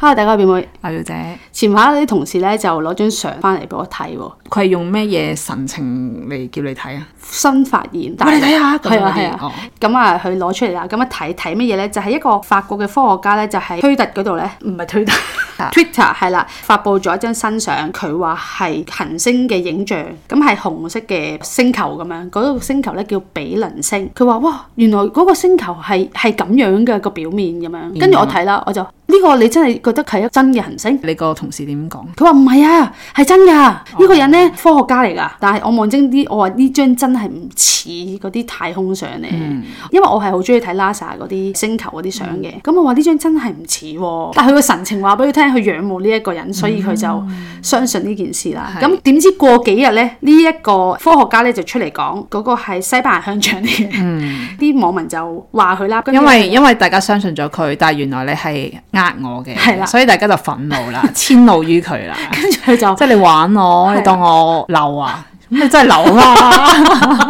Hello 大家，表妹阿表姐，前排啲同事咧就攞張相返嚟俾我睇。哦，佢係用咩嘢神情嚟叫你睇啊？新發現大大，我哋睇下，係啊係啊，咁啊佢攞出嚟啦，咁啊，睇睇乜嘢咧？就係、是、一個法國嘅科學家咧，就喺、是、推特嗰度咧，唔係推特，Twitter 係啦，發布咗一張新相，佢話係行星嘅影像，咁係紅色嘅星球咁樣，嗰、那個星球咧叫比鄰星，佢話哇，原來嗰個星球係係咁樣嘅個表面咁樣，嗯、跟住我睇啦，我就。呢個你真係覺得係一真嘅行星？你個同事點講？佢話唔係啊，係真噶。呢、這個人呢，oh. 科學家嚟噶。但係我望清啲，我話呢張真係唔似嗰啲太空相嚟。Mm. 因為我係好中意睇 NASA 嗰啲星球嗰啲相嘅。咁、mm. 我話呢張真係唔似。但係佢個神情話俾佢聽，佢仰慕呢一個人，所以佢就相信呢件事啦。咁點、mm. 知過幾日呢，呢、這、一個科學家呢就出嚟講，嗰、那個係西班牙香腸嚟嘅。啲、mm. 網民就話佢啦。因為說因為大家相信咗佢，但係原來你係我嘅係啦，的所以大家就憤怒啦，遷 怒於佢啦，跟住佢就即係 你玩我，的你當我嬲啊！ 咁你真係流啊！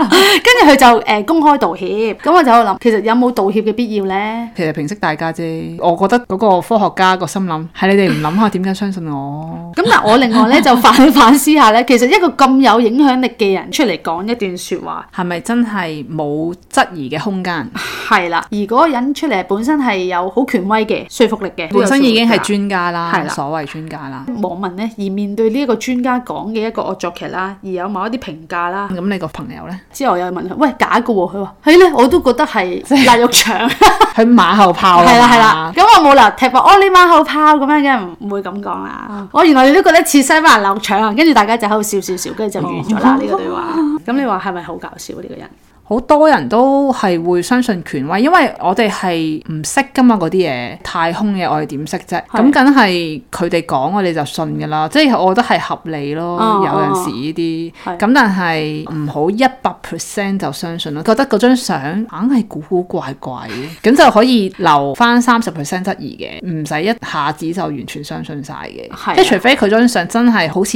跟住佢就誒公開道歉，咁我就諗，其實有冇道歉嘅必要咧？其實平息大家啫。我覺得嗰個科學家個心諗係你哋唔諗下點解相信我？咁但係我另外咧就反反思下咧，其實一個咁有影響力嘅人出嚟講一段説話，係咪真係冇質疑嘅空間？係啦，而嗰個人出嚟本身係有好權威嘅說服力嘅，本身已經係專家啦，所謂專家啦。網民咧而面對呢一個專家講嘅一個惡作劇啦，而有某。啲評價啦，咁你個朋友咧？之後又問佢，喂，假嘅喎、啊，佢話，係、哎、咧，我都覺得係辣肉腸，佢 馬後炮啦。啦， 係啦，咁我冇理踢話我你馬後炮咁樣嘅，唔會咁講啦。我、嗯嗯、原來你都覺得似西班牙辣肉腸，跟住大家就喺度笑笑笑，跟住就完咗啦呢個對話。咁 你話係咪好搞笑呢、啊這個人？好多人都係會相信權威，因為我哋係唔識噶嘛，嗰啲嘢太空嘅。是我哋點識啫？咁梗係佢哋講我哋就信噶啦，即係我覺得係合理咯。哦、有陣時呢啲咁，哦哦、但係唔好一百 percent 就相信咯。是覺得嗰張相硬係古古怪怪，咁 就可以留翻三十 percent 質疑嘅，唔使一下子就完全相信晒嘅。即係、啊、除非佢張相真係好似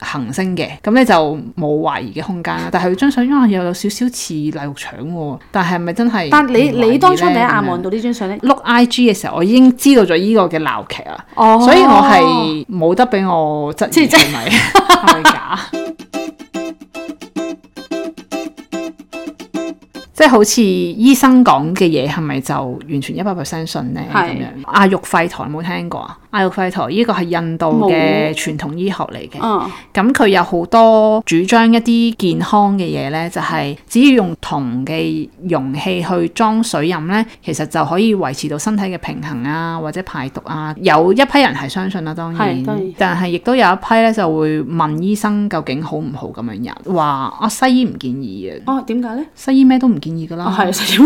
行星嘅，咁你就冇懷疑嘅空間啦。 但係佢張相因為又有少少似。辣肉腸但係係咪真係？但，是是但你你當初你阿望到呢張相咧，look I G 嘅時候，我已經知道咗依個嘅鬧劇啦，oh. 所以我係冇得俾我質疑係咪經 假？ 即係好似醫生講嘅嘢，係咪就完全一百 percent 信咧？咁樣阿玉廢台冇聽過啊？阿育吠陀呢個係印度嘅傳統醫學嚟嘅，咁佢、啊、有好多主張一啲健康嘅嘢咧，就係、是、只要用銅嘅容器去裝水飲咧，其實就可以維持到身體嘅平衡啊，或者排毒啊。有一批人係相信啊，當然，當然但係亦都有一批咧就會問醫生究竟好唔好咁樣入，話啊西醫唔建議嘅。哦，點解咧？西醫咩都唔建議噶啦。係即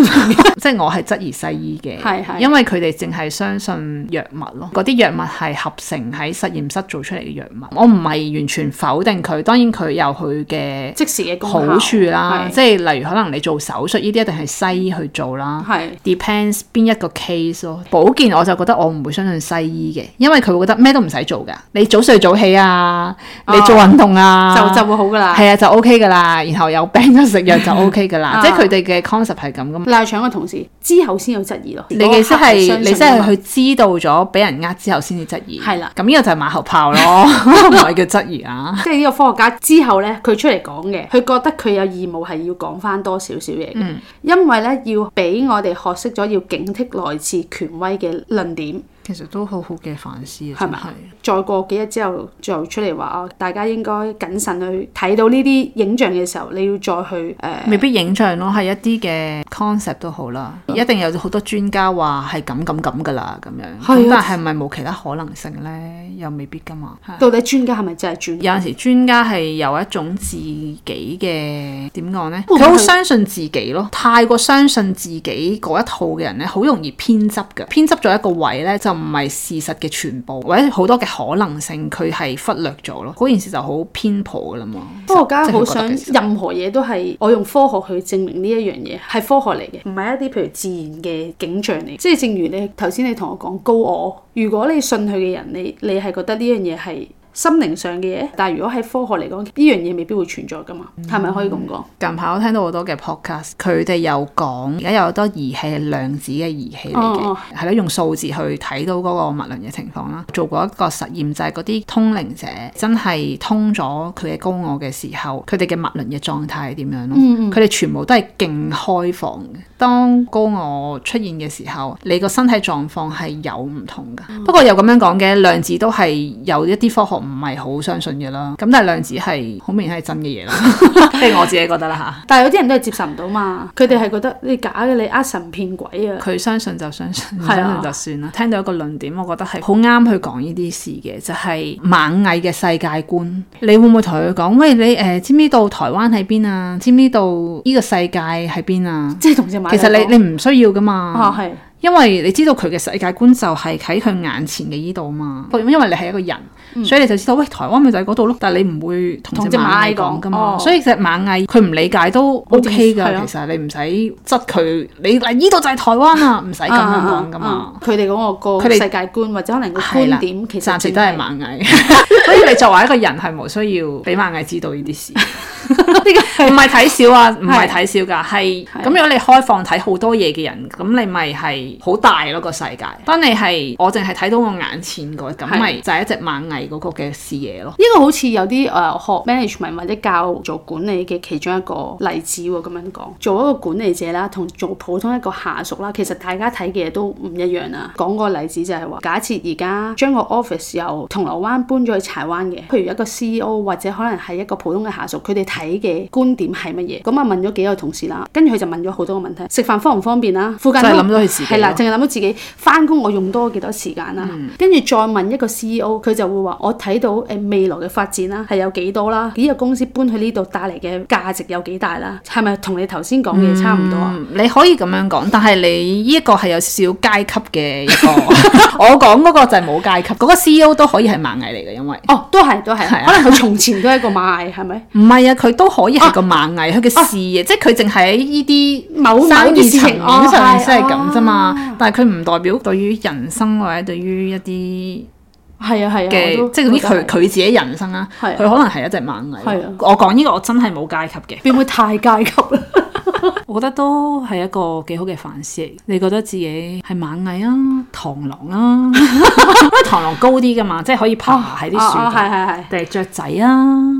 係我係質疑西醫嘅，的因為佢哋淨係相信藥物咯，啲藥係合成喺實驗室做出嚟嘅藥物，我唔係完全否定佢，當然佢有佢嘅即時嘅好處啦。是即係例如可能你做手術呢啲一定係西醫去做啦。係是 depends 邊一個 case 咯。保健我就覺得我唔會相信西醫嘅，因為佢會覺得咩都唔使做噶，你早睡早起啊，啊你做運動啊，就就會好噶啦。係啊，就 OK 噶啦。然後有病咗食藥就 OK 噶啦。 啊、即係佢哋嘅 concept 係咁噶嘛。賴腸嘅同事。之後先有質疑咯，你嘅即係你即係佢知道咗俾人呃之後先至質疑，係啦的。咁呢個就係馬後炮咯，唔係叫質疑啊。即係呢個科學家之後呢，佢出嚟講嘅，佢覺得佢有義務係要講翻多少少嘢嘅，嗯、因為呢要俾我哋學識咗要警惕來自權威嘅論點。其實都好好嘅反思，係咪吧？再過幾日之後，就出嚟話啊！大家應該謹慎去睇到呢啲影像嘅時候，你要再去誒，呃、未必影像咯，係一啲嘅 concept 都好啦。嗯、一定有好多專家話係咁咁咁㗎啦，咁樣。的但係咪冇其他可能性呢？又未必㗎嘛。的到底專家係咪真係專家？有陣時專家係有，有一種自己嘅點講呢？佢好相信自己咯。太過相信自己嗰一套嘅人呢，好容易偏執㗎。偏執咗一個位呢。就。唔係事實嘅全部，或者好多嘅可能性，佢係忽略咗咯，嗰件事就好偏頗噶啦嘛。不過科學家好想，任何嘢都係我用科學去證明呢一樣嘢係科學嚟嘅，唔係一啲譬如自然嘅景象嚟。即係正如你頭先你同我講高我，如果你信佢嘅人，你你係覺得呢樣嘢係。心靈上嘅嘢，但係如果喺科學嚟講，呢樣嘢未必會存在噶嘛，係咪、嗯、可以咁講？近排我聽到好多嘅 podcast，佢哋又講，而家有好多儀器，量子嘅儀器嚟嘅，係咧、嗯嗯、用數字去睇到嗰個物輪嘅情況啦。做過一個實驗，就係嗰啲通靈者真係通咗佢嘅高我嘅時候，佢哋嘅物輪嘅狀態係點樣咯？佢哋、嗯嗯、全部都係勁開放嘅。當高我出現嘅時候，你個身體狀況係有唔同噶。嗯、不過又咁樣講嘅，量子都係有一啲科學。唔係好相信嘅啦，咁但係量子係好明顯係真嘅嘢咯，即係我自己覺得啦嚇。但係有啲人都係接受唔到嘛，佢哋係覺得你假嘅，你呃神騙鬼啊。佢 相信就相信，相信就算啦。啊、聽到一個論點，我覺得係好啱去講呢啲事嘅，就係、是、螞蟻嘅世界觀。你會唔會同佢講？喂，你誒、呃，知唔知道台灣喺邊啊？知唔知道呢個世界喺邊啊？即係同隻螞蟻。其實你你唔需要㗎嘛。嚇、啊因為你知道佢嘅世界觀就係喺佢眼前嘅呢度嘛，因為你係一個人，嗯、所以你就知道喂，台灣咪就喺嗰度咯。但係你唔會同隻螞蟻講㗎嘛，隻嘛，哦、所以隻螞蟻佢唔理解都 O K 㗎。哦、其實你唔使窒佢，你嚟呢度就係台灣啦，唔使咁樣講㗎嘛。佢哋嗰個個世界觀們或者可能個觀點，啊、其實暫時都係螞蟻。 所以你作為一個人係冇需要俾螞蟻知道呢啲事。呢個唔係睇少啊，唔係睇少㗎，係咁如果你開放睇好多嘢嘅人，咁你咪係好大咯、啊個世界。當你係我淨係睇到我眼前是個，咁咪就係一隻螞蟻嗰個嘅視野咯。呢個好似有啲誒、呃、學 management 或者教做管理嘅其中一個例子喎、哦，咁樣講做一個管理者啦，同做普通一個下屬啦，其實大家睇嘅嘢都唔一樣啊。講個例子就係話，假設而家將個 office 由銅鑼灣搬咗去柴灣嘅，譬如一個 CEO 或者可能係一個普通嘅下屬，佢哋。睇嘅觀點係乜嘢？咁啊問咗幾個同事啦，跟住佢就問咗好多個問題。食飯方唔方便啦、啊？附近都係諗多啲時間。係啦，淨係諗到自己翻工我用多幾多時間啦、啊。跟住、嗯、再問一個 CEO，佢就會話：我睇到誒未來嘅發展啦，係有幾多啦、啊？幾個公司搬去呢度帶嚟嘅價值有幾大啦？係咪同你頭先講嘅差唔多啊、嗯？你可以咁樣講，但係你呢一個係有少少階級嘅一個。 我講嗰個就係冇階級，嗰、那個 CEO 都可以係螞蟻嚟嘅，因為哦，都係都係，都 可能佢從前都係一個螞蟻，係咪？唔係啊！佢都可以係個螞蟻，佢嘅視野，即係佢淨係喺呢啲某某層面上即係咁啫嘛。但係佢唔代表對於人生或者對於一啲係啊係啊即係佢佢自己人生啊，佢可能係一隻螞蟻。我講呢個我真係冇階級嘅，會唔會太階級啦？我覺得都係一個幾好嘅反思。你覺得自己係螞蟻啊、螳螂啊？因為螳螂高啲噶嘛，即係可以爬喺啲樹上。係係定係雀仔啊？